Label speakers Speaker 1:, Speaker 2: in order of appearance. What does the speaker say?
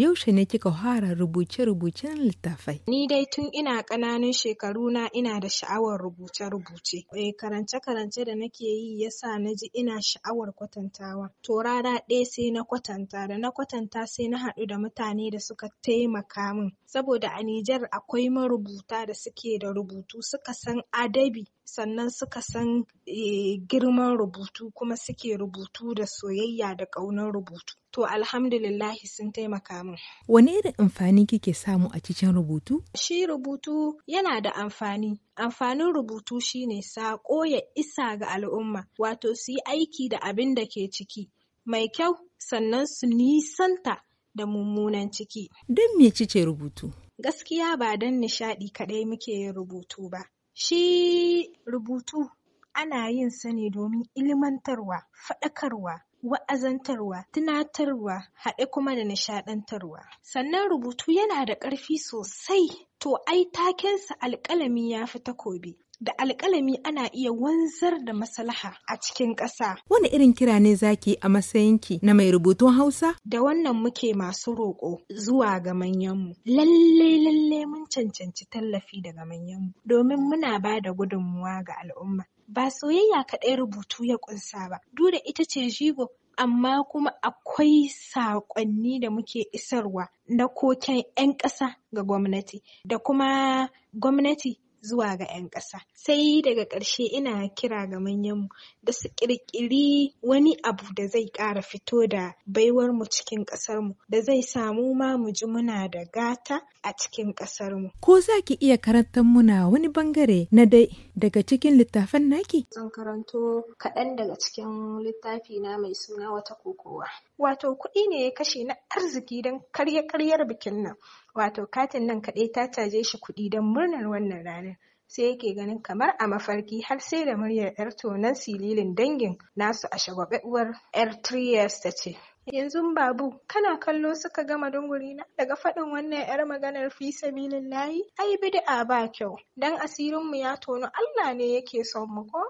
Speaker 1: yaushe ne kika fara rubuce-rubucen littafai? Ni dai tun ina ƙananun shekaru na ina da sha'awar rubuce-rubuce. E, karance-karance da nake yi ya sa na ji ina sha'awar kwatantawa. To rana ɗaya sai na kwatanta da na kwatanta sai na haɗu da mutane da suka taimaka min. Saboda a Nijar akwai marubuta da suke da rubutu suka san adabi sannan suka san eh, girman rubutu kuma suke rubutu da soyayya da ƙaunar rubutu. To alhamdulillahi sun taimaka min. Wani irin amfani kike samu a cikin rubutu? Shi rubutu yana da amfani. Amfanin rubutu shine saƙo ya isa ga al'umma, wato su yi aiki da abin da ke ciki. Mai kyau sannan su nisanta da mummunan ciki. Don me cice rubutu? Gaskiya ba don nishaɗi kaɗai muke yin rubutu ba. Shi rubutu ana yin sa ne domin ilmantarwa, faɗakarwa, wa'azantarwa, tunatarwa, haɗe kuma da nishaɗantarwa. Sannan rubutu yana da ƙarfi sosai, to ai takensa alƙalami ya fi takobi. da alkalami ana iya wanzar da masalaha a cikin ƙasa. Wani irin kira ne zaki a matsayinki na mai rubutun Hausa? Da wannan muke masu roƙo zuwa ga manyanmu. Lalle lalle mun cancanci tallafi daga manyanmu domin muna ba da gudunmuwa ga al'umma. Ba soyayya kaɗai rubutu ya ƙunsa ba, duk ita ce jigo amma kuma akwai saƙonni da muke isarwa na koken 'yan ƙasa ga gwamnati da kuma gwamnati zuwa ga 'yan ƙasa. Sai daga ƙarshe ina kira ga manyanmu da su ƙirƙiri wani abu da zai ƙara fito da baiwar mu cikin ƙasarmu da zai samu ma mu ji muna da gata a cikin ƙasarmu. Ko za ki iya karantar muna wani bangare na dai daga cikin littafan naki? Zan karanto kaɗan daga cikin littafi na mai suna wata kokowa. Wato kuɗi ne ya kashe na arziki don karya-karyar bikin nan. Wato katin nan kaɗai ta caje shi kuɗi don murnar wannan ranar. sai yake ganin kamar a mafarki har sai da muryar 'yar tonan sililin dangin nasu a shagwabe uwar 'yar ta ce. Yanzun Babu, kana kallo suka gama dungurina daga faɗin wannan 'yar maganar fi sabilillahi ai bid'a ba kyau dan asirinmu ya tono Allah ne yake son mu ko?